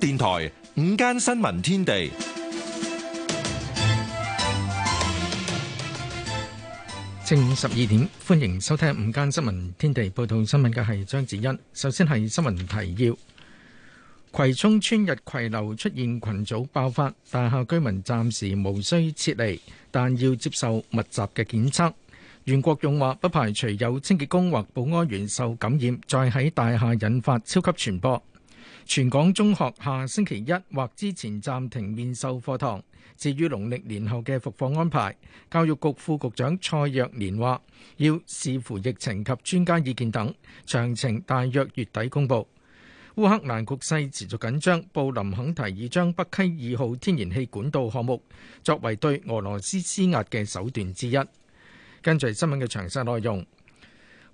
電台午間新聞天地，正午十二點，歡迎收聽午間新聞天地。報道新聞嘅係張子欣。首先係新聞提要：葵涌村日葵樓出現群組爆發，大廈居民暫時無需撤離，但要接受密集嘅檢測。袁國勇話，不排除有清潔工或保安員受感染，再喺大廈引發超級傳播。全港中學下星期一或之前暫停面授課堂。至於農曆年後嘅復課安排，教育局副局長蔡若蓮話：要視乎疫情及專家意見等，詳情大約月底公佈。烏克蘭局勢持續緊張，布林肯提議將北溪二號天然氣管道項目作為對俄羅斯施壓嘅手段之一。跟住新聞嘅詳細內容。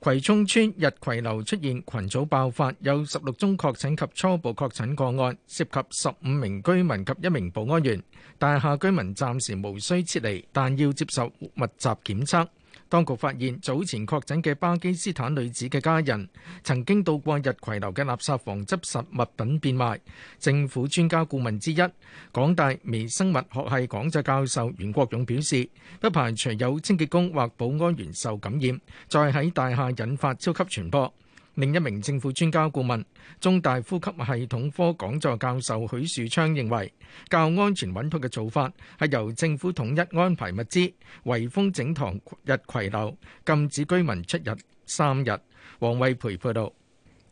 葵涌村日葵樓出現群組爆發，有十六宗確診及初步確診個案，涉及十五名居民及一名保安員。大廈居民暫時無需撤離，但要接受密集檢測。當局發現早前確診嘅巴基斯坦女子嘅家人曾經到過日葵樓嘅垃圾房執拾物品變賣。政府專家顧問之一、港大微生物學系講座教授袁國勇表示，不排除有清潔工或保安員受感染，再喺大廈引發超級傳播。另一名政府專家顧問、中大呼吸系統科講座教授許樹昌認為，較安全穩妥嘅做法係由政府統一安排物資，圍封整幢逸葵樓，禁止居民出入三日。王惠培報道。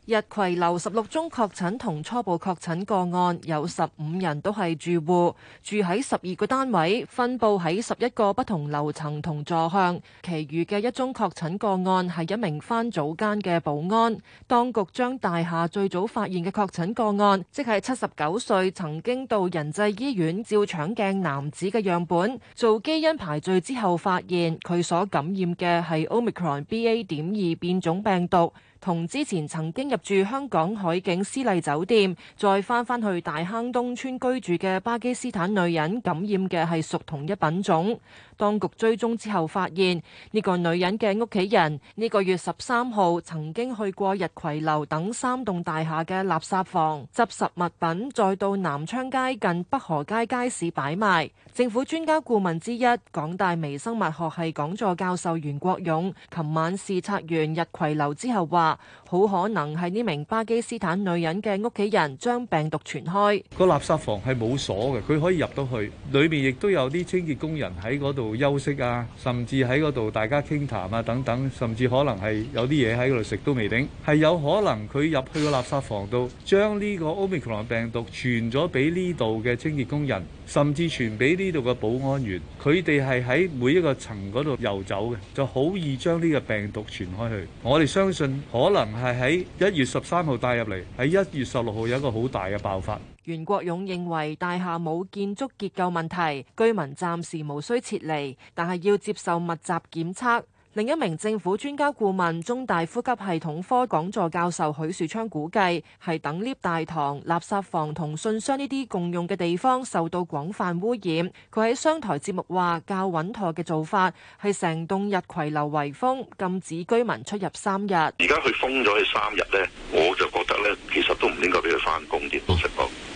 日葵樓十六宗確診同初步確診個案，有十五人都係住戶，住喺十二個單位，分布喺十一個不同樓層同座向。其餘嘅一宗確診個案係一名返早更嘅保安。當局將大廈最早發現嘅確診個案，即係七十九歲曾經到仁濟醫院照腸鏡男子嘅樣本，做基因排序之後，發現佢所感染嘅係奧密克戎 BA. 點二變種病毒。同之前曾經入住香港海景絲麗酒店，再返返去大坑東村居住嘅巴基斯坦女人感染嘅係屬同一品種。當局追蹤之後發現，呢個女人嘅屋企人呢個月十三號曾經去過日葵樓等三棟大廈嘅垃圾房執拾物品，再到南昌街近北河街街市擺賣。政府專家顧問之一、港大微生物學系講座教授袁國勇，琴晚視察完日葵樓之後話，好可能係呢名巴基斯坦女人嘅屋企人將病毒傳開。個垃圾房係冇鎖嘅，佢可以入到去，裏面亦都有啲清潔工人喺嗰度。休息啊，甚至喺嗰度大家傾談啊等等，甚至可能係有啲嘢喺嗰度食都未定，係有可能佢入去個垃圾房度，將呢個 Omicron 病毒傳咗俾呢度嘅清潔工人。甚至傳俾呢度嘅保安員，佢哋係喺每一個層嗰度遊走嘅，就好易將呢個病毒傳開去。我哋相信可能係喺一月十三號帶入嚟，喺一月十六號有一個好大嘅爆發。袁國勇認為大廈冇建築結構問題，居民暫時無需撤離，但係要接受密集檢測。另一名政府專家顧問、中大呼吸系統科講座教授許樹昌估計，係等升降機大堂、垃圾房同信箱呢啲共用嘅地方受到廣泛污染。佢喺商台節目話，較穩妥嘅做法係成棟日攜留圍封，禁止居民出入三日。而家佢封咗佢三日呢，我就覺得呢，其實都唔應該俾佢翻工嘅。都識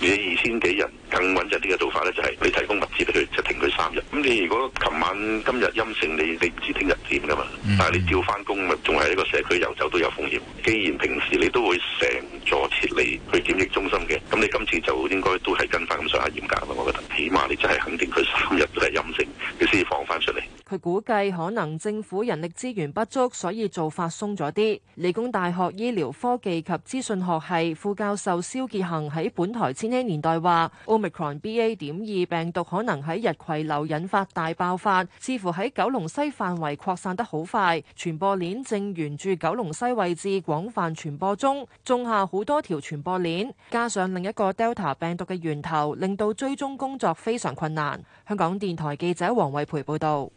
你二千幾人更穩陣啲嘅做法呢，就係你提供物資俾佢，就停佢三日。咁你如果琴晚今日陰性，你你唔知聽日點噶嘛？但係你叫翻工，咪仲係一個社區遊走都有風險。既然平時你都會成座撤離去檢疫中心嘅，咁你今次就應該都係跟翻咁上下嚴格咯。我覺得起碼你真係肯定佢三日都係陰性，你先放翻出嚟。佢估計可能政府人力資源不足，所以做法鬆咗啲。理工大學醫療科技及資訊學系副教授蕭傑恒喺本台千禧年代話，Omicron BA.2 病毒可能喺日葵樓引發大爆發，似乎喺九龍西範圍擴散得好快，傳播鏈正沿住九龍西位置廣泛傳播中，種下好多條傳播鏈，加上另一個 Delta 病毒嘅源頭，令到追蹤工作非常困難。香港電台記者黃惠培報道。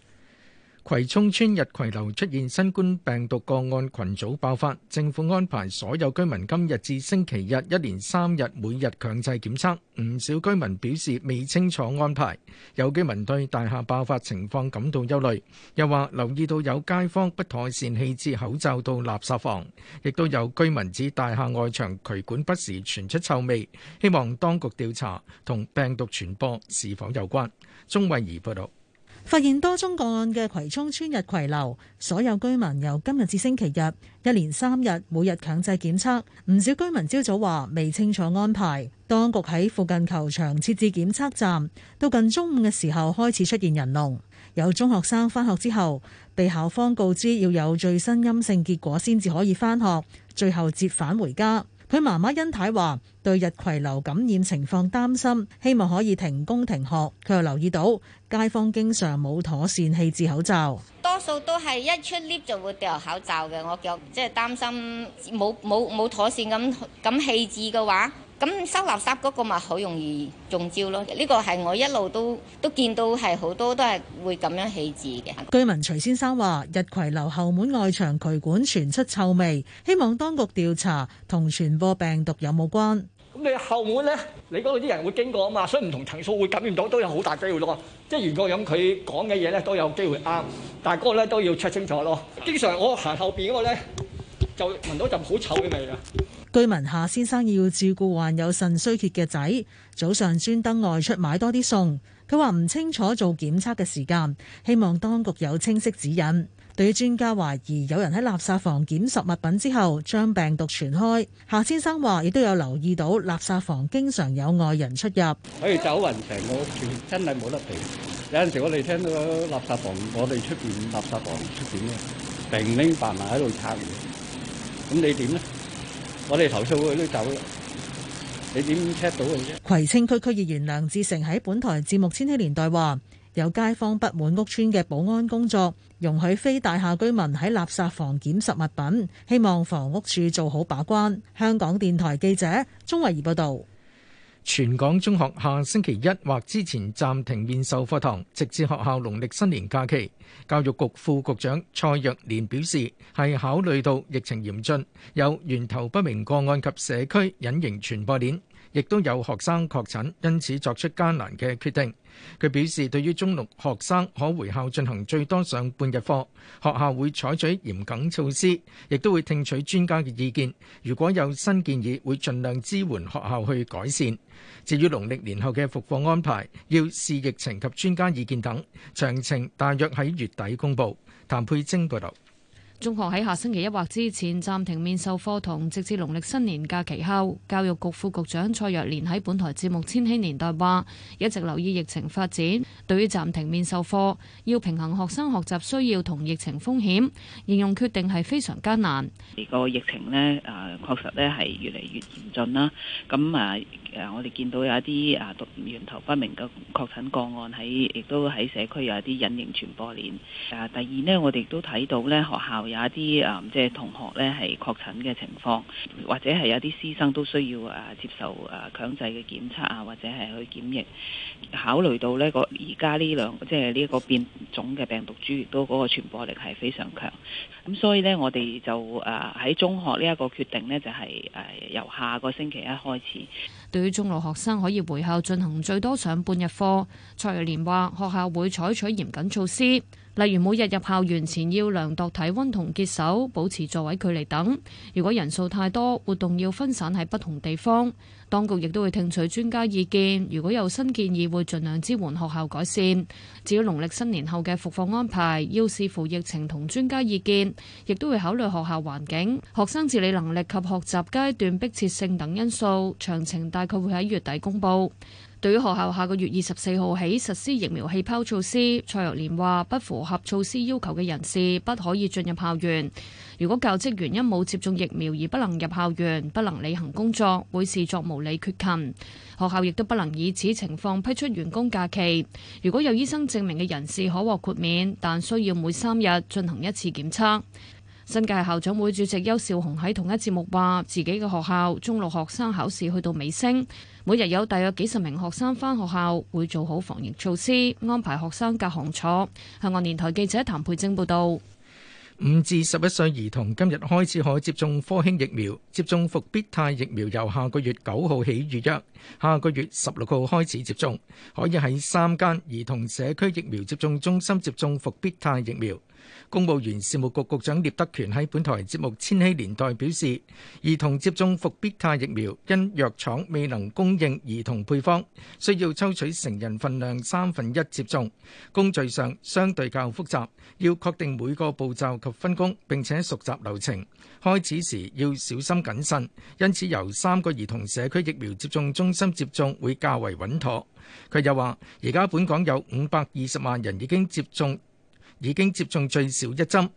葵涌村日葵樓出現新冠病毒個案群組爆發，政府安排所有居民今日至星期日一連三日，每日強制檢測。唔少居民表示未清楚安排。有居民對大廈爆發情況感到憂慮，又話留意到有街坊不妥善棄置口罩到垃圾房，亦都有居民指大廈外牆渠管不時傳出臭味，希望當局調查同病毒傳播是否有關。鍾慧儀報道。發現多宗個案嘅葵涌村日葵樓，所有居民由今日至星期日一連三日，每日強制檢測。唔少居民朝早話未清楚安排，當局喺附近球場設置檢測站，到近中午嘅時候開始出現人龍。有中學生返學之後，被校方告知要有最新陰性結果先至可以返學，最後折返回家。佢媽媽殷太話：對日葵流感染情況擔心，希望可以停工停學。佢又留意到街坊經常冇妥善棄置口罩，多數都係一出 lift 就會掉口罩嘅。我就即係擔心冇冇冇妥善咁咁棄置嘅話。咁收垃圾嗰個咪好容易中招咯？呢個係我一路都都見到係好多都係會咁樣棄置嘅。居民徐先生話：日葵樓後門外牆渠管傳出臭味，希望當局調查同傳播病毒有冇關？咁你後門咧，你嗰度啲人會經過啊嘛，所以唔同層數會感染到都有好大機會咯。即係袁國勇佢講嘅嘢咧都有機會啱，但係嗰個咧都要 check 清楚咯。經常我行後邊嗰個咧就聞到一陣好臭嘅味啊！居民夏先生要照顧患有腎衰竭嘅仔，早上專登外出買多啲餸。佢話唔清楚做檢測嘅時間，希望當局有清晰指引。對於專家懷疑有人喺垃圾房檢拾物品之後將病毒傳開，夏先生話亦都有留意到垃圾房經常有外人出入。可以走勻成個屋企，真係冇得避。有陣時我哋聽到垃圾房，我哋出邊垃圾房出邊咧，成堆廢物埋喺度拆嘅，咁你點呢？我哋投訴佢都走，你點 check 到佢啫？葵青區區議員梁志成喺本台節目《千禧年代》話：有街坊不滿屋邨嘅保安工作容許非大廈居民喺垃圾房檢拾物品，希望房屋署做好把關。香港電台記者鍾慧儀報道。全港中學下星期一或之前暫停面授課堂，直至學校農曆新年假期。教育局副局長蔡若蓮表示，係考慮到疫情嚴峻，有源頭不明個案及社區隱形傳播鏈。亦都有學生確診，因此作出艱難嘅決定。佢表示，對於中六學生可回校進行最多上半日課，學校會採取嚴謹措施，亦都會聽取專家嘅意見。如果有新建議，會盡量支援學校去改善。至於農曆年後嘅復課安排，要視疫情及專家意見等，詳情大約喺月底公佈。譚佩晶報道。中學喺下星期一或之前暫停面授課同直至農曆新年假期後，教育局副局長蔡若蓮喺本台節目《千禧年代》話，一直留意疫情發展，對於暫停面授課要平衡學生學習需要同疫情風險，形容決定係非常艱難。呢個疫情呢，誒確實呢係越嚟越嚴峻啦。咁啊，誒我哋見到有一啲誒源頭不明嘅確診個案喺，亦都喺社區有一啲隱形傳播鏈。誒，第二呢，我哋亦都睇到呢學校。有一啲誒，即係同學咧係確診嘅情況，或者係有啲師生都需要誒接受誒強制嘅檢測啊，或者係去檢疫。考慮到呢個而家呢兩，即係呢個變種嘅病毒株，亦都嗰個傳播力係非常強。咁所以呢，我哋就誒喺中學呢一個決定呢，就係誒由下個星期一開始。對於中六學生可以回校進行最多上半日課，蔡若蓮話學校會採取嚴謹措施，例如每日入校園前要量度體溫同潔手，保持座位距離等。如果人數太多，活動要分散喺不同地方。當局亦都會聽取專家意見，如果有新建議，會盡量支援學校改善。至於農曆新年後嘅復課安排，要視乎疫情同專家意見，亦都會考慮學校環境、學生自理能力及學習階段迫切性等因素，詳情大概會喺月底公佈。對於學校下個月二十四號起實施疫苗氣泡措施，蔡若蓮話：不符合措施要求嘅人士不可以進入校園。如果教職員因冇接種疫苗而不能入校園，不能履行工作，會視作無理缺勤。學校亦都不能以此情況批出員工假期。如果有醫生證明嘅人士可獲豁免，但需要每三日進行一次檢測。新界校長會主席邱少雄喺同一節目話：自己嘅學校中六學生考試去到尾聲。每日有大約幾十名學生返學校，會做好防疫措施，安排學生隔行坐。香港電台記者譚佩晶報導：五至十一歲兒童今日開始可接種科興疫苗，接種復必泰疫苗由下個月九號起預約，下個月十六號開始接種，可以喺三間兒童社區疫苗接種中心接種復必泰疫苗。公務員事務局局長聶德權喺本台節目《千禧年代》表示，兒童接種復必泰疫苗因藥廠未能供應兒童配方，需要抽取成人份量三分一接種。工序上相對較複雜，要確定每個步驟及分工，並且熟習流程。開始時要小心謹慎，因此由三個兒童社區疫苗接種中心接種會較為穩妥。佢又話：而家本港有五百二十萬人已經接種。已經接種最少一針，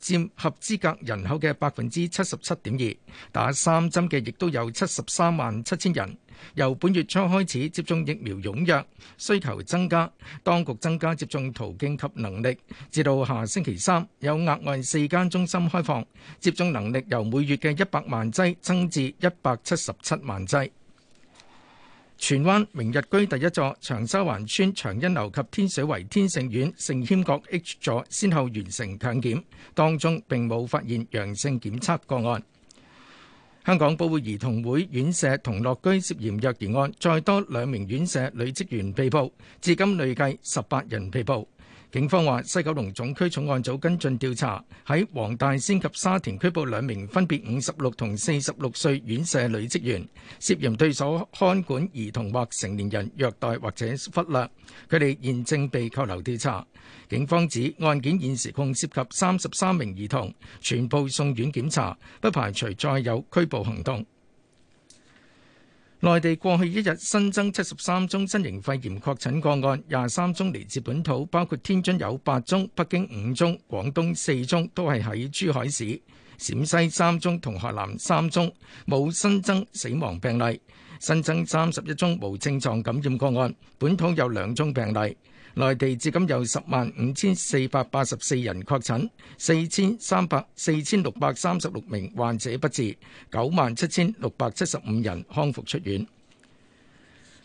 佔合資格人口嘅百分之七十七點二。打三針嘅亦都有七十三萬七千人。由本月初開始，接種疫苗踴躍，需求增加，當局增加接種途徑及能力，至到下星期三有額外四間中心開放，接種能力由每月嘅一百萬劑增至一百七十七萬劑。荃灣明日居第一座、長洲環村長欣樓及天水圍天盛苑盛謙閣 H 座先後完成強檢，當中並冇發現陽性檢測個案。香港保護兒童會院舍同樂居涉嫌虐兒案，再多兩名院舍女職員被捕，至今累計十八人被捕。警方話，西九龍總區重案組跟進調查，喺黃大仙及沙田拘捕兩名分別五十六同四十六歲院舍女職員，涉嫌對所看管兒童或成年人虐待或者忽略，佢哋現正被扣留調查。警方指案件現時共涉及三十三名兒童，全部送院檢查，不排除再有拘捕行動。內地過去一日新增七十三宗新型肺炎確診個案，廿三宗嚟自本土，包括天津有八宗，北京五宗，廣東四宗，都係喺珠海市，陝西三宗同河南三宗，冇新增死亡病例。新增三十一宗無症狀感染個案，本土有兩宗病例。內地至今有十萬五千四百八十四人確診，四千三百四千六百三十六名患者不治，九萬七千六百七十五人康復出院。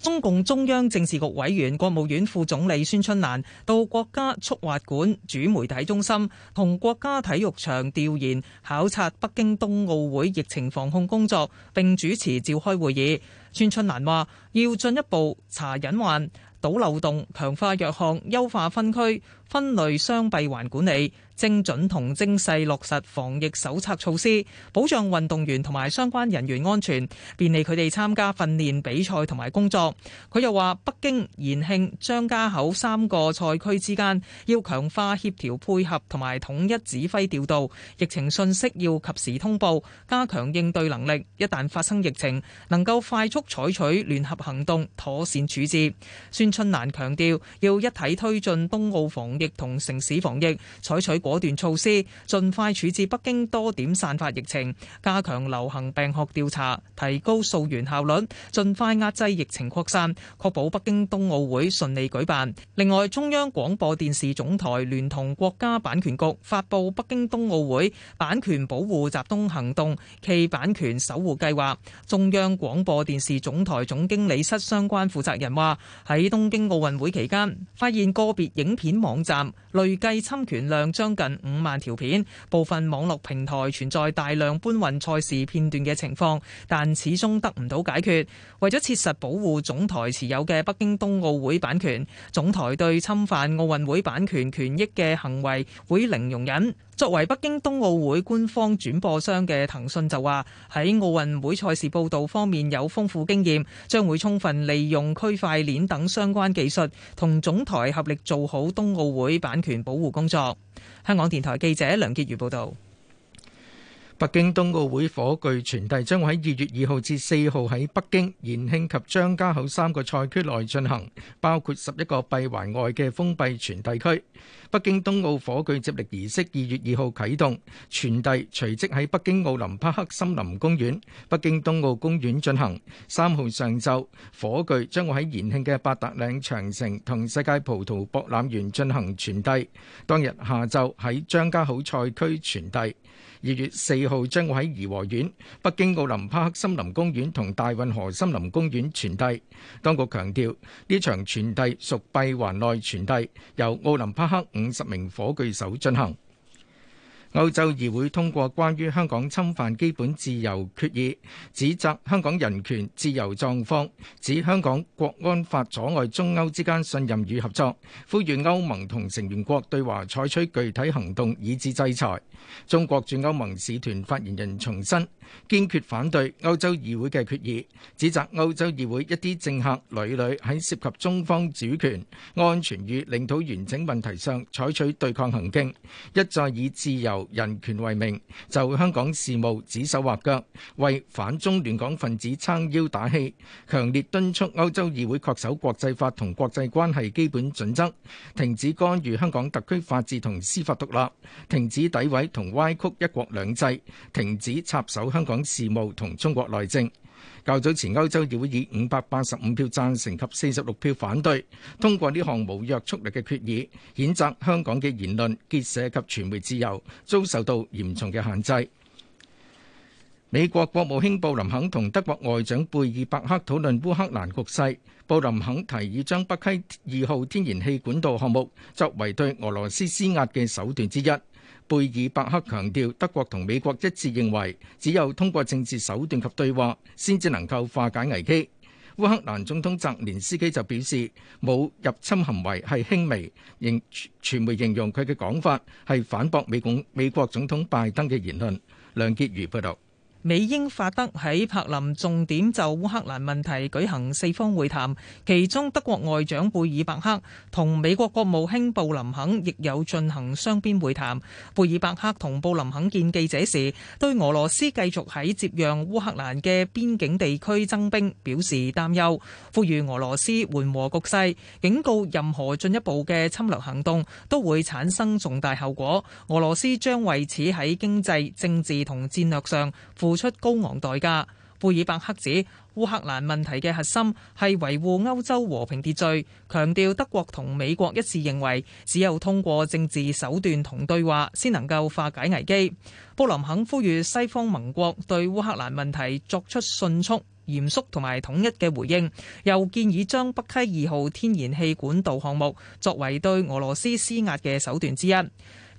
中共中央政治局委員、國務院副總理孫春蘭到國家速滑館、主媒體中心同國家體育場調研考察北京冬奧會疫情防控工作，並主持召開會議。孫春蘭話：要進一步查隱患、堵漏洞，強化弱項，優化分區分類雙閉環管理。精準同精細落實防疫手冊措施，保障運動員同埋相關人員安全，便利佢哋參加訓練、比賽同埋工作。佢又話：北京、延慶、張家口三個賽區之間要強化協調配合同埋統一指揮調度，疫情信息要及時通報，加強應對能力。一旦發生疫情，能夠快速採取聯合行動，妥善處置。孫春蘭強調，要一體推進冬奧防疫同城市防疫，採取果斷措施，盡快處置北京多點散發疫情，加強流行病學調查，提高溯源效率，盡快壓制疫情擴散，確保北京冬奧會順利舉辦。另外，中央廣播電視總台聯同國家版權局發布北京冬奧會版權保護集中行動暨版權守護計劃。中央廣播電視總台總經理室相關負責人話：喺東京奧運會期間，發現個別影片網站累計侵權量將近五萬條片，部分網絡平台存在大量搬運賽事片段嘅情況，但始終得唔到解決。為咗切實保護總台持有嘅北京冬奧會版權，總台對侵犯奧運會版權權益嘅行為會零容忍。作為北京冬奧會官方轉播商嘅騰訊就話，喺奧運會賽事報道方面有豐富經驗，將會充分利用區塊鏈等相關技術，同總台合力做好冬奧會版權保護工作。香港電台記者梁潔如報道。北京冬奧會火炬傳遞將會喺二月二號至四號喺北京、延慶及張家口三個賽區內進行，包括十一個閉環外嘅封閉傳遞區。北京冬奧火炬接力儀式二月二號啟動，傳遞隨即喺北京奧林匹克森林公園、北京冬奧公園進行。三號上晝，火炬將會喺延慶嘅八達嶺長城同世界葡萄博覽園進行傳遞。當日下晝喺張家口賽區傳遞。二月四號將會喺頤和園、北京奧林匹克森林公園同大運河森林公園傳遞。當局強調，呢場傳遞屬閉環內傳遞，由奧林匹克五十名火炬手進行。歐洲議會通過關於香港侵犯基本自由決議，指責香港人權自由狀況，指香港國安法阻礙中歐之間信任與合作，呼籲歐盟同成員國對華採取具體行動以至制裁。中國駐歐盟使團發言人重申，堅決反對歐洲議會嘅決議，指責歐洲議會一啲政客屢屢喺涉及中方主權、安全與領土完整問題上採取對抗行徑，一再以自由人權為名，就香港事務指手畫腳，為反中亂港分子撐腰打氣，強烈敦促歐洲議會恪守國際法同國際關係基本準則，停止干預香港特區法治同司法獨立，停止詆毀同歪曲一國兩制，停止插手香港事務同中國內政。較早前，歐洲議會以五百八十五票贊成及四十六票反對，通過呢項無約束力嘅決議，譴責香港嘅言論、結社及傳媒自由，遭受到嚴重嘅限制。美國國務卿布林肯同德國外長貝爾伯克討論烏克蘭局勢，布林肯提議將北溪二號天然氣管道項目作為對俄羅斯施壓嘅手段之一。貝爾伯克強調，德國同美國一致認為，只有通過政治手段及對話，先至能夠化解危機。烏克蘭總統澤連斯基就表示，冇入侵行為係輕微，媒傳媒形容佢嘅講法係反駁美國美國總統拜登嘅言論。梁潔如報道。美英法德喺柏林重點就烏克蘭問題舉行四方會談，其中德國外長貝爾伯克同美國國務卿布林肯亦有進行雙邊會談，貝爾伯克同布林肯見記者時對俄羅斯繼續喺接壤烏克蘭嘅邊境地區增兵表示擔憂，呼籲俄羅斯緩和局勢，警告任何進一步嘅侵略行動都會產生重大後果。俄羅斯將為此喺經濟政治同戰略上付出高昂代價，貝爾伯克指，烏克蘭問題嘅核心係維護歐洲和平秩序，強調德國同美國一致認為只有通過政治手段同對話先能夠化解危機。布林肯呼籲西方盟國對烏克蘭問題作出迅速、嚴肅同埋統一嘅回應，又建議將北溪二號天然氣管道項目作為對俄羅斯施壓嘅手段之一。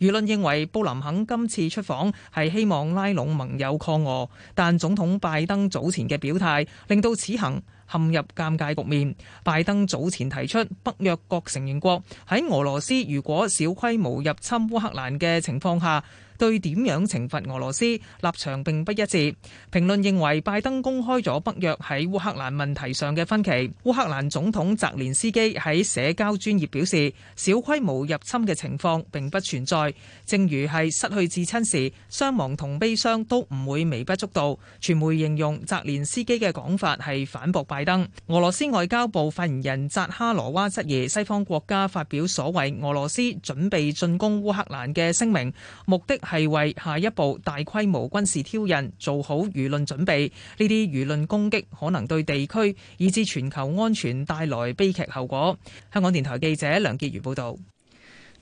輿論認為布林肯今次出訪係希望拉攏盟友抗俄，但總統拜登早前嘅表態令到此行陷入尷尬局面。拜登早前提出北約各成員國喺俄羅斯如果小規模入侵烏克蘭嘅情況下，對點樣懲罰俄羅斯，立場並不一致。評論認為，拜登公開咗北約喺烏克蘭問題上嘅分歧。烏克蘭總統澤連斯基喺社交專業表示，小規模入侵嘅情況並不存在。正如係失去至親時，傷亡同悲傷都唔會微不足道。傳媒形容澤連斯基嘅講法係反駁拜登。俄羅斯外交部發言人扎哈羅娃質疑，西方國家發表所謂俄羅斯準備進攻烏克蘭嘅聲明，目的，係為下一步大規模軍事挑釁做好輿論準備，呢啲輿論攻擊可能對地區以至全球安全帶來悲劇後果。香港電台記者梁潔如報導。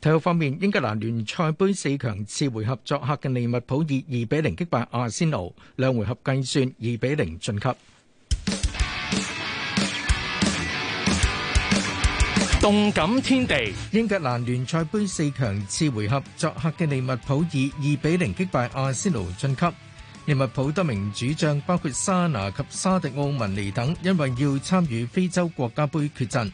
體育方面，英格蘭聯賽杯四強次回合作客嘅利物浦以二比零擊敗阿仙奴，兩回合計算二比零晉級。動感天地，英格蘭聯賽杯四強次回合，作客嘅利物浦以二比零擊敗阿仙奴晉級。利物浦多名主將包括沙拿及沙迪奧文尼等，因為要參與非洲國家杯缺陣。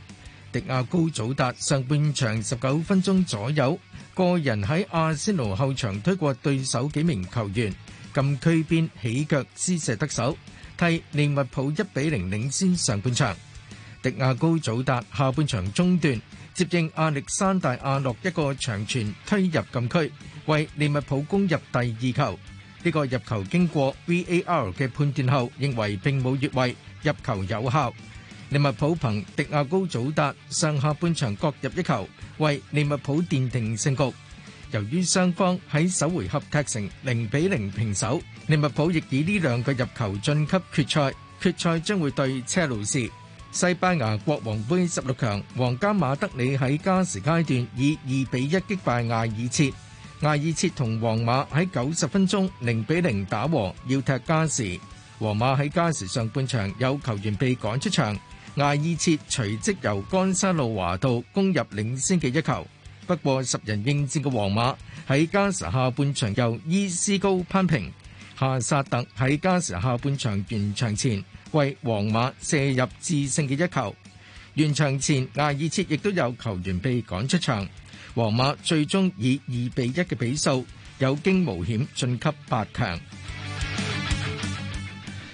迪亞高祖達上半場十九分鐘左右，個人喺阿仙奴後場推過對手幾名球員，禁區邊起腳施射得手，替利物浦一比零領先上半場。迪亞高祖達下半場中段接應亞歷山大阿諾一個長傳，推入禁區為利物浦攻入第二球。呢個入球經過 VAR 嘅判斷後，認為並冇越位，入球有效。利物浦憑迪亞高祖達上下半場各入一球，為利物浦奠定勝局。由於雙方喺首回合踢成零比零平手，利物浦亦以呢兩個入球晉級決賽。決賽將會對車路士。西班牙國王杯十六強，皇家馬德里喺加時階段以二比一擊敗艾爾切。艾爾切同皇馬喺九十分鐘零比零打和，要踢加時。皇馬喺加時上半場有球員被趕出場，艾爾切隨即由干山路華道攻入領先嘅一球。不過十人應戰嘅皇馬喺加時下半場由伊斯高攀平。夏薩特喺加時下半場完場前，為皇馬射入致勝嘅一球。完場前，亞爾切亦都有球員被趕出場。皇馬最終以二比一嘅比數有驚無險晉級八強。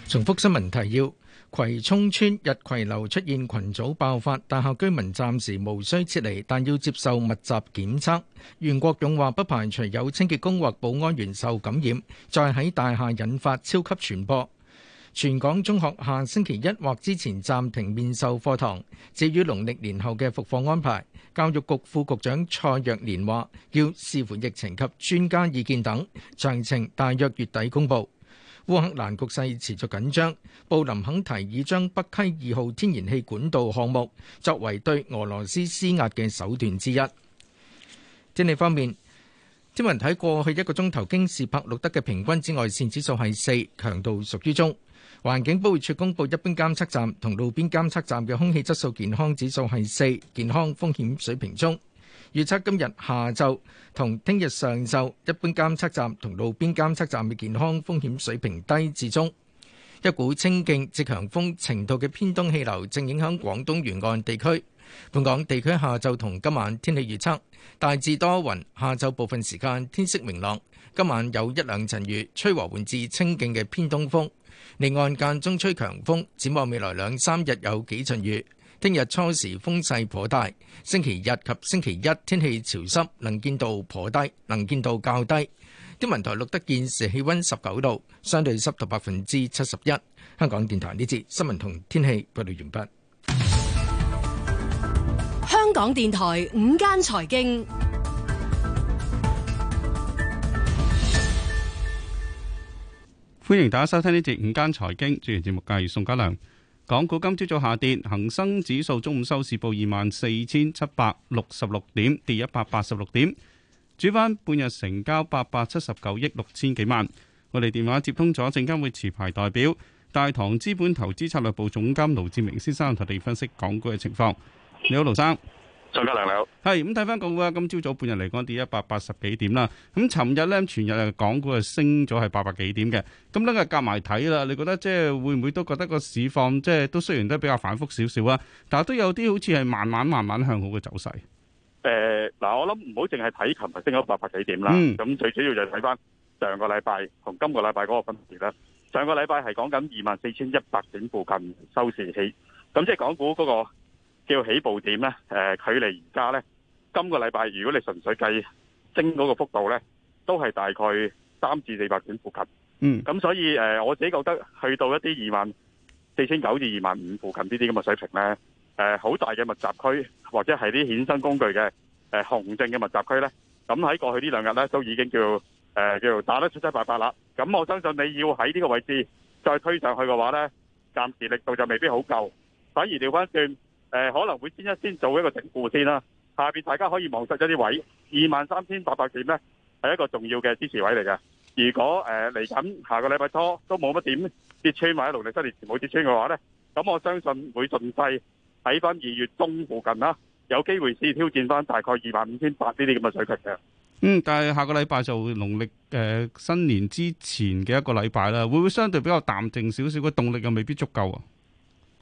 重複新聞提要：葵涌村日葵樓出現群組爆發，大廈居民暫時無需撤離，但要接受密集檢測。袁國勇話，不排除有清潔工或保安員受感染，再喺大廈引發超級傳播。全港中學下星期一或之前暫停面授課堂。至於農曆年後嘅復課安排，教育局副局長蔡若蓮話：要視乎疫情及專家意見等，詳情大約月底公佈。烏克蘭局勢持續緊張，布林肯提議將北溪二號天然氣管道項目作為對俄羅斯施壓嘅手段之一。天氣方面，天文台過去一個鐘頭喺京士柏錄得嘅平均紫外線指數係四，強度屬於中。環境保護署公布一般監測站同路邊監測站嘅空氣質素健康指數係四，健康風險水平中。預測今日下晝同聽日上晝一般監測站同路邊監測站嘅健康風險水平低至中。一股清勁至強風程度嘅偏東氣流正影響廣東沿岸地區。本港地區下晝同今晚天氣預測大致多雲，下晝部分時間天色明朗，今晚有一兩陣雨，吹和緩至清勁嘅偏東風。離岸間中吹強風，展望未來兩三日有幾陣雨。聽日初時風勢頗大，星期日及星期一天氣潮濕，能見度頗低，能見度較低。天文台錄得現時氣溫十九度，相對濕度百分之七十一。香港電台呢節新聞同天氣報道完畢。香港電台午間財經。歡迎大家收聽呢集午間財經，主持節目嘅係宋家良。港股今朝早，早下跌，恒生指數中午收市報二萬四千七百六十六點，跌一百八十六點。主板半日成交八百七十九億六千幾萬。我哋電話接通咗證監會持牌代表大堂資本投資策略部總監盧志明先生，同你分析港股嘅情況。你好，盧生。大家輪流係咁睇翻港股啊！今朝早半日嚟講跌一百八十幾點啦。咁尋日咧，全日啊，港股啊升咗係八百幾點嘅。咁呢個夾埋睇啦，你覺得即係會唔會都覺得個市況即係都雖然都比較反復少少啊，但係都有啲好似係慢慢慢慢向好嘅走勢。誒，嗱，我諗唔好淨係睇琴日升咗八百幾點啦。咁最主要就係睇翻上個禮拜同今個禮拜嗰個分別啦。上個禮拜係講緊二萬四千一百點附近收市起，咁即係港股嗰個。叫起步點咧，誒、呃、距離而家咧，今個禮拜如果你純粹計升嗰個幅度咧，都係大概三至四百點附近。嗯，咁所以誒、呃，我自己覺得去到一啲二萬四千九至二萬五附近呢啲咁嘅水平咧，誒、呃、好大嘅密集區或者係啲衍生工具嘅誒、呃、熊證嘅密集區咧，咁喺過去兩呢兩日咧都已經叫誒、呃、叫打得七七八八啦。咁我相信你要喺呢個位置再推上去嘅話咧，暫時力度就未必好夠。反而調翻轉。誒、呃，可能會先一先做一個整固先啦、啊，下邊大家可以望實咗啲位，二萬三千八百點咧係一個重要嘅支持位嚟嘅。如果誒嚟緊下個禮拜初都冇乜點跌穿，或者農曆新年前冇跌穿嘅話咧，咁我相信會順勢睇翻二月中附近啦、啊，有機會試挑戰翻大概二萬五千八呢啲咁嘅水平嘅。嗯，但係下個禮拜就農曆誒新年之前嘅一個禮拜啦，會唔會相對比較淡靜少少？個動力又未必足夠啊？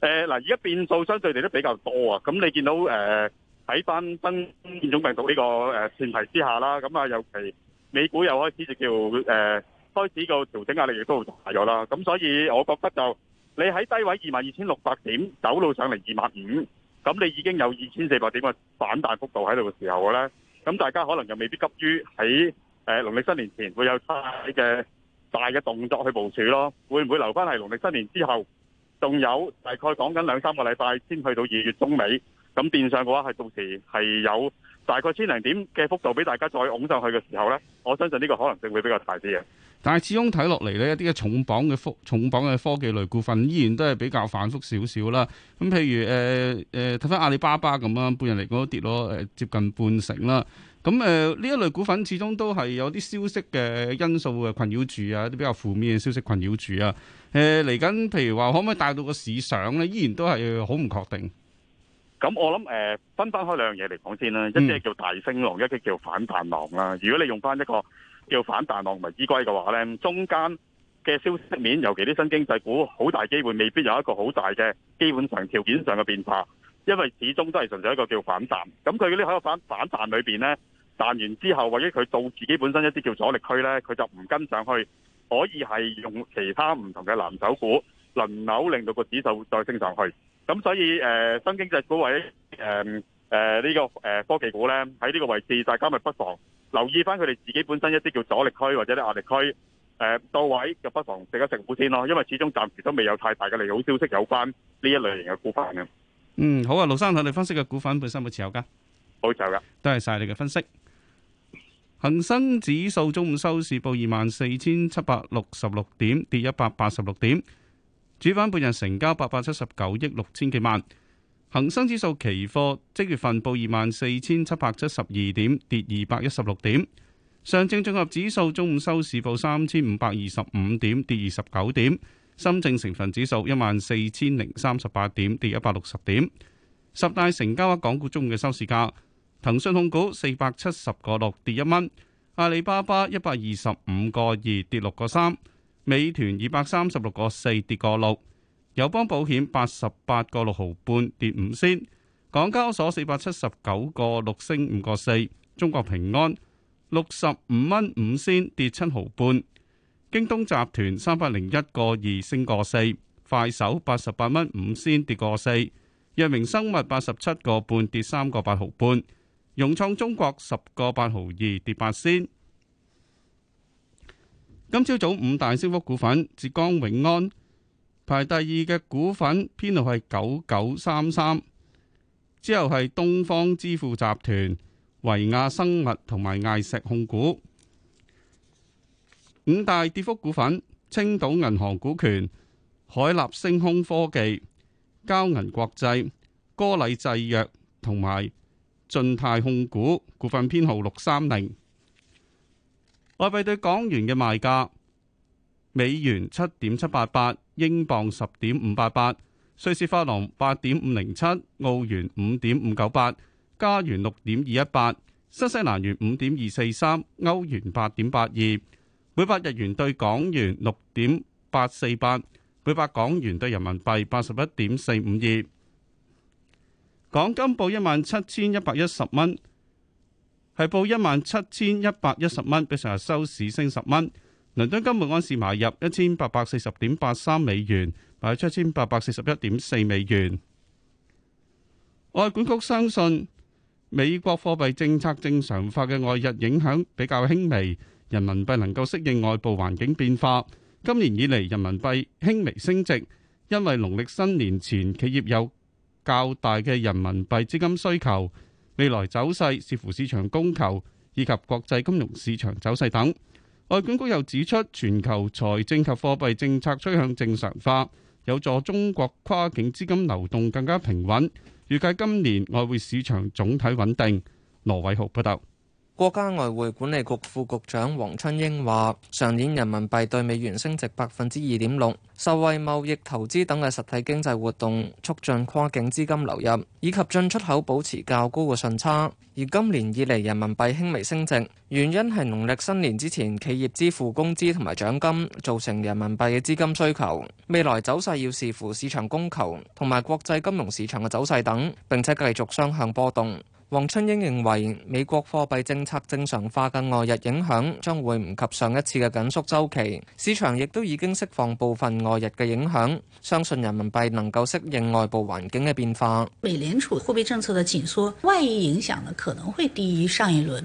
誒，嗱、呃，而家變數相對嚟都比較多啊，咁、嗯、你見到誒喺翻新變種病毒呢、這個誒、呃、前提之下啦，咁、嗯、啊，尤其美股又開始就叫誒、呃、開始個調整壓力亦都好大咗啦，咁、嗯、所以我覺得就你喺低位二萬二千六百點走路上嚟二萬五，咁你已經有二千四百點嘅反彈幅度喺度嘅時候咧，咁、嗯、大家可能就未必急於喺誒、呃、農曆新年前會有大嘅大嘅動作去部署咯，會唔會留翻係農曆新年之後？仲有大概講緊兩三個禮拜先去到二月中尾，咁變相嘅話係到時係有大概千零點嘅幅度俾大家再拱上去嘅時候呢。我相信呢個可能性會比較大啲嘅。但係始終睇落嚟呢，一啲嘅重磅嘅科重磅嘅科技類股份依然都係比較反覆少少啦。咁譬如誒誒，睇、呃、翻阿里巴巴咁樣，半日嚟講跌咗誒、呃、接近半成啦。咁誒呢一類股份始終都係有啲消息嘅因素嘅困擾住啊，一啲比較負面嘅消息困擾住啊。誒嚟緊，譬如話可唔可以帶到個市上咧？依然都係好唔確定。咁我諗誒、呃，分翻開兩樣嘢嚟講先啦，一啲叫大升浪，一啲叫反彈浪啦。如果你用翻一個叫反彈浪同埋依歸嘅話咧，中間嘅消息面，尤其啲新經濟股，好大機會未必有一個好大嘅基本上條件上嘅變化，因為始終都係純粹一個叫反彈。咁佢呢喺個反反彈裏邊咧。彈完之後，或者佢到自己本身一啲叫阻力區咧，佢就唔跟上去，可以係用其他唔同嘅藍籌股輪流令到個指數再升上去。咁所以，誒新經濟股或者呢個誒科技股咧，喺呢個位置，大家咪不妨留意翻佢哋自己本身一啲叫阻力區或者啲壓力區。誒到位就不妨食一成股先咯，因為始終暫時都未有太大嘅利好消息有關呢一類型嘅股份嘅。嗯，好啊，盧生，我哋分析嘅股份本身有冇持有噶？冇持有噶，多謝晒你嘅分析。恒生指數中午收市報二萬四千七百六十六點，跌一百八十六點。主板半日成交八百七十九億六千幾萬。恒生指數期貨即月份報二萬四千七百七十二點，跌二百一十六點。上證綜合指數中午收市報三千五百二十五點，跌二十九點。深證成分指數一萬四千零三十八點，跌一百六十點。十大成交額港股中午嘅收市價。騰訊控股四百七十個六跌一蚊，阿里巴巴一百二十五個二跌六個三，美團二百三十六個四跌個六，友邦保險八十八個六毫半跌五仙，港交所四百七十九個六升五個四，中國平安六十五蚊五仙跌七毫半，京東集團三百零一個二升個四，快手八十八蚊五仙跌個四，藥明生物八十七個半跌三個八毫半。融創中國十個八毫二跌八仙。今朝早五大升幅股份，浙江永安排第二嘅股份編號係九九三三，之後係東方支付集團、維亞生物同埋艾石控股。五大跌幅股份，青島銀行股權、海立星空科技、交銀國際、歌禮製藥同埋。晉泰控股股份編號六三零。外幣對港元嘅賣價：美元七點七八八，英鎊十點五八八，瑞士法郎八點五零七，澳元五點五九八，加元六點二一八，新西蘭元五點二四三，歐元八點八二，每百日元對港元六點八四八，每百港元對人民幣八十一點四五二。港金報一萬七千一百一十蚊，係報一萬七千一百一十蚊，比上日收市升十蚊。倫敦金每安士買入一千八百四十點八三美元，賣出一千八百四十一點四美元。外管局相信，美國貨幣政策正常化嘅外溢影響比較輕微，人民幣能夠適應外部環境變化。今年以嚟，人民幣輕微升值，因為農曆新年前企業有，較大嘅人民幣資金需求，未來走勢，視乎市場供求以及國際金融市場走勢等。外管局又指出，全球財政及貨幣政策趨向正常化，有助中國跨境資金流動更加平穩。預計今年外匯市場總體穩定。羅偉豪報道。國家外匯管理局副局長黃春英話：上年人民幣對美元升值百分之二點六，受惠貿易、投資等嘅實體經濟活動，促進跨境資金流入，以及進出口保持較高嘅順差。而今年以嚟人民幣輕微升值，原因係農曆新年之前企業支付工資同埋獎金，造成人民幣嘅資金需求。未來走勢要視乎市場供求同埋國際金融市場嘅走勢等，並且繼續雙向波動。王春英認為，美國貨幣政策正常化嘅外溢影響將會唔及上一次嘅緊縮週期，市場亦都已經釋放部分外溢嘅影響，相信人民幣能夠適應外部環境嘅變化。美聯儲貨幣政策嘅緊縮外溢影響呢，可能會低於上一輪。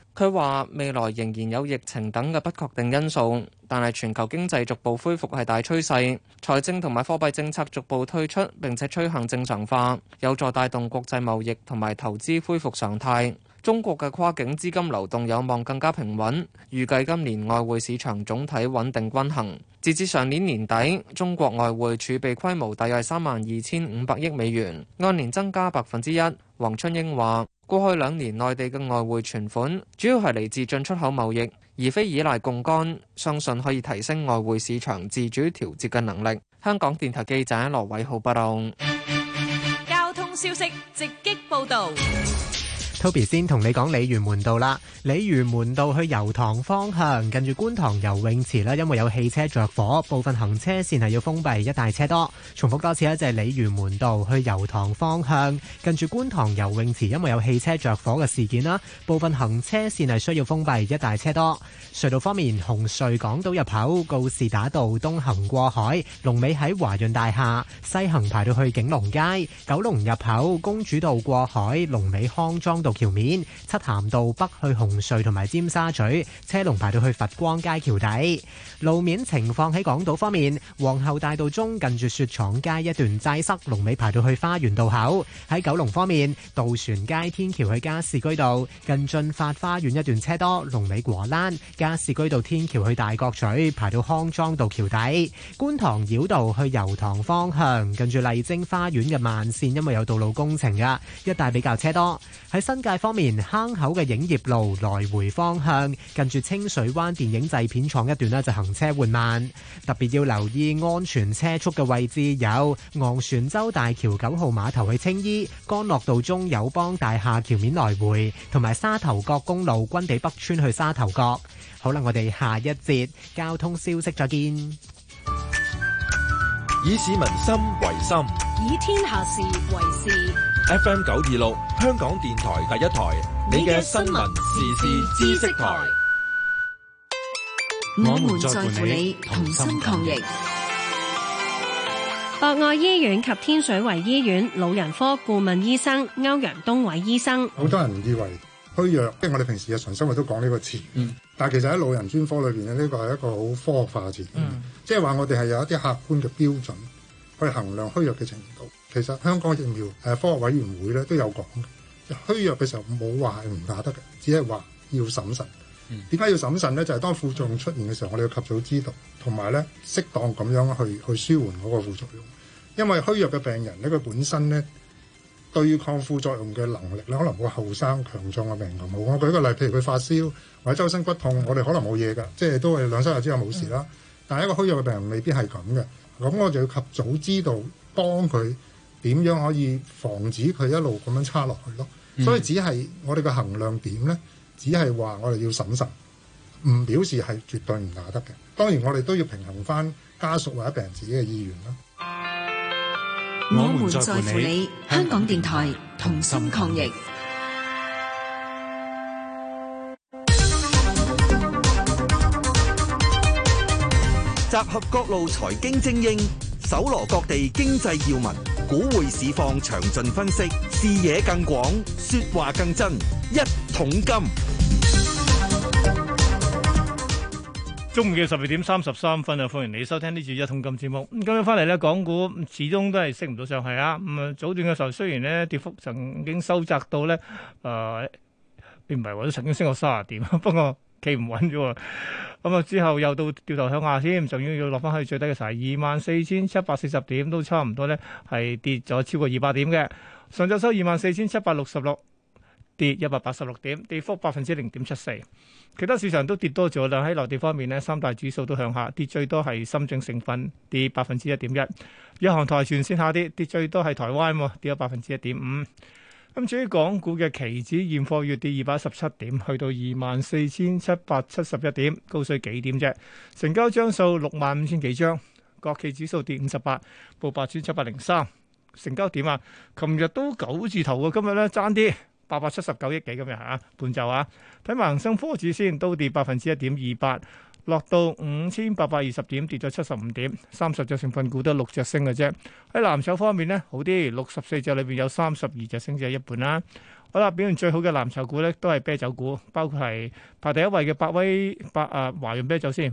佢話：未來仍然有疫情等嘅不確定因素，但係全球經濟逐步恢復係大趨勢，財政同埋貨幣政策逐步退出並且趨向正常化，有助帶動國際貿易同埋投資恢復常態。中國嘅跨境資金流動有望更加平穩，預計今年外匯市場總體穩定均衡。截至上年年底，中國外匯儲備規模大約三萬二千五百億美元，按年增加百分之一。黃春英話：過去兩年內地嘅外匯存款主要係嚟自進出口貿易，而非依賴槓桿，相信可以提升外匯市場自主調節嘅能力。香港電台記者羅偉浩報道。交通消息直擊報道。Toby 先同你講鯉魚門道啦，鯉魚門道去油塘方向近住觀塘游泳池啦，因為有汽車着火，部分行車綫係要封閉，一大車多。重複多次啊，就係鯉魚門道去油塘方向近住觀塘游泳池，因為有汽車着火嘅事件啦，部分行車綫係需要封閉，一大車多。隧道方面，紅隧港島入口告士打道東行過海，龍尾喺華潤大廈；西行排到去景隆街，九龍入口公主道過海，龍尾康莊道。橋面，漆咸道北去紅隧同埋尖沙咀車龍排到去佛光街橋底。路面情況喺港島方面，皇后大道中近住雪廠街一段擠塞，龍尾排到去花園道口。喺九龍方面，渡船街天橋去加士居道近駿發花園一段車多，龍尾果欄。加士居道天橋去大角咀排到康莊道橋底。觀塘繞道去油塘方向，近住麗晶花園嘅慢線，因為有道路工程㗎，一帶比較車多。喺新界方面，坑口嘅影業路來回方向，近住清水灣電影製片廠一段咧，就行車緩慢，特別要留意安全車速嘅位置有昂船洲大橋九號碼頭去青衣、干諾道中友邦大廈橋面來回，同埋沙頭角公路軍地北村去沙頭角。好啦，我哋下一節交通消息再見。以市民心為心，以天下事為事。FM 九二六，香港電台第一台，你嘅新聞時事知識台。我們在乎你同心抗疫。博愛醫院及天水圍醫院老人科顧問醫生歐陽東偉醫生。好、嗯、多人以為虛弱，即係我哋平時日常生活都講呢個詞。嗯。但係其實喺老人專科裏邊咧，呢、呢個係一個好科學化嘅詞。嗯。即係話我哋係有一啲客觀嘅標準去衡量虛弱嘅情況。其實香港疫苗誒科學委員會咧都有講嘅，虛弱嘅時候冇話係唔打得嘅，只係話要審慎。點解、嗯、要審慎咧？就係、是、當副作用出現嘅時候，我哋要及早知道，同埋咧適當咁樣去去舒緩嗰個副作用。因為虛弱嘅病人咧，佢本身咧對抗副作用嘅能力咧，可能冇後生強壯嘅病人好。我舉個例，譬如佢發燒或者周身骨痛，我哋可能冇嘢㗎，即係都係兩三日之後冇事啦。嗯、但係一個虛弱嘅病人未必係咁嘅，咁我就要及早知道幫佢。幫點樣可以防止佢一路咁樣差落去咯。嗯、所以只係我哋嘅衡量點呢，只係話我哋要審慎，唔表示係絕對唔打得嘅。當然我哋都要平衡翻家屬或者病人自己嘅意願啦。我們在乎你，是香港電台同心抗疫，集合各路財經精英，搜羅各地經濟要聞。股匯市況詳盡分析，視野更廣，說話更真。一桶金，中午嘅十二點三十三分啊！歡迎你收聽呢次一桶金節目。咁今日翻嚟咧，港股始終都係升唔到上去啊。咁早段嘅時候雖然咧，跌幅曾經收窄到咧，誒，並唔係或者曾經升過卅點，不過。企唔穩咗，咁、嗯、啊之後又到掉頭向下添，仲要要落翻去最低嘅時候，二萬四千七百四十點都差唔多咧，係跌咗超過二百點嘅。上晝收二萬四千七百六十六，跌一百八十六點，跌幅百分之零點七四。其他市場都跌多咗，但喺內地方面咧，三大指數都向下跌，最多係深圳成分跌百分之一點一，有航台全先下跌，跌最多係台灣喎，跌百分之一點五。咁至於港股嘅期指現貨月跌二百一十七點，去到二萬四千七百七十一點，高水幾點啫？成交張數六萬五千幾張，國企指數跌五十八，報八千七百零三，成交點啊！琴日都九字頭喎，今日咧爭啲八百七十九億幾咁樣嚇，伴奏啊！睇埋恒生科指先，都跌百分之一點二八。落到五千八百二十點，跌咗七十五點，三十隻成分股都六隻升嘅啫。喺藍籌方面咧，好啲，六十四隻裏邊有三十二隻升，只係一半啦。好啦，表現最好嘅藍籌股咧都係啤酒股，包括係排第一位嘅百威百啊華潤啤酒先。